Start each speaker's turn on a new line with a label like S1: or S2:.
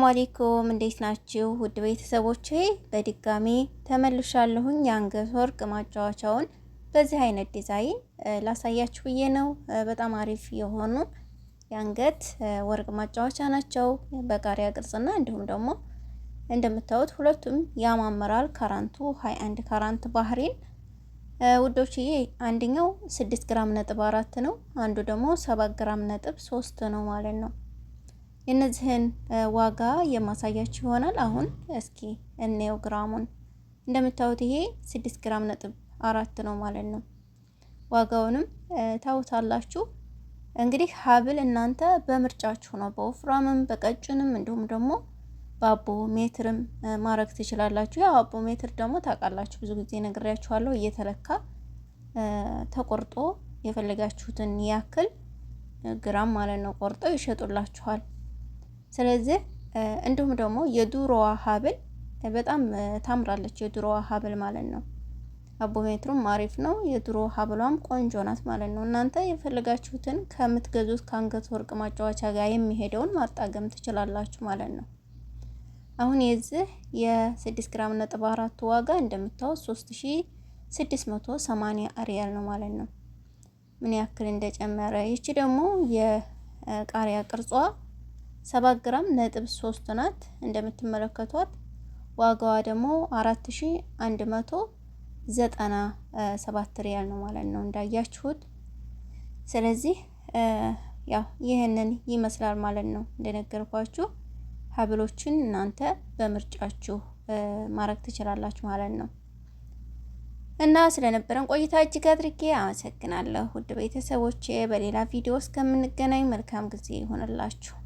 S1: ሰላም አሌይኩም እንዴት ናችሁ ውድ ቤተሰቦቼ፣ በድጋሚ ተመልሻለሁኝ። የአንገት ወርቅ ማጫወቻውን በዚህ አይነት ዲዛይን ላሳያችሁ ብዬ ነው። በጣም አሪፍ የሆኑ የአንገት ወርቅ ማጫወቻ ናቸው በቃሪያ ቅርጽና እንዲሁም ደግሞ እንደምታዩት ሁለቱም ያማምራል። ካራንቱ 21 ካራንት ባህሪን ውዶችዬ፣ አንደኛው 6 ግራም ነጥብ አራት ነው፣ አንዱ ደግሞ 7 ግራም ነጥብ ሶስት ነው ማለት ነው። የእነዚህን ዋጋ የማሳያችሁ ይሆናል። አሁን እስኪ እኔው ግራሙን። እንደምታዩት ይሄ ስድስት ግራም ነጥብ አራት ነው ማለት ነው። ዋጋውንም ታውታላችሁ። እንግዲህ ሀብል እናንተ በምርጫችሁ ነው። በወፍራምም በቀጭንም እንዲሁም ደግሞ በአቦ ሜትርም ማድረግ ትችላላችሁ። ያው አቦ ሜትር ደግሞ ታውቃላችሁ፣ ብዙ ጊዜ ነግሬያችኋለሁ። እየተለካ ተቆርጦ የፈለጋችሁትን ያክል ግራም ማለት ነው ቆርጠው ይሸጡላችኋል። ስለዚህ እንዲሁም ደግሞ የድሮዋ ሀብል በጣም ታምራለች። የድሮዋ ሀብል ማለት ነው። አቦሜትሩም አሪፍ ነው። የድሮ ሀብሏም ቆንጆ ናት ማለት ነው። እናንተ የፈለጋችሁትን ከምትገዙት ከአንገት ወርቅ ማጫወቻ ጋር የሚሄደውን ማጣገም ትችላላችሁ ማለት ነው። አሁን የዚህ የስድስት ግራም ነጥብ አራት ዋጋ መቶ ሰማኒያ ሪያል ነው ማለት ነው። ምን ያክል እንደጨመረ ይቺ ደግሞ የቃሪያ ቅርጿ ሰባ ግራም ነጥብ ሶስት ናት እንደምትመለከቷት። ዋጋዋ ደግሞ አራት ሺ አንድ መቶ ዘጠና ሰባት ሪያል ነው ማለት ነው እንዳያችሁት። ስለዚህ ያው ይህንን ይመስላል ማለት ነው። እንደነገርኳችሁ ሀብሎችን እናንተ በምርጫችሁ ማድረግ ትችላላችሁ ማለት ነው። እና ስለነበረን ቆይታ እጅግ አድርጌ አመሰግናለሁ ውድ ቤተሰቦቼ። በሌላ ቪዲዮ እስከምንገናኝ መልካም ጊዜ ይሆንላችሁ።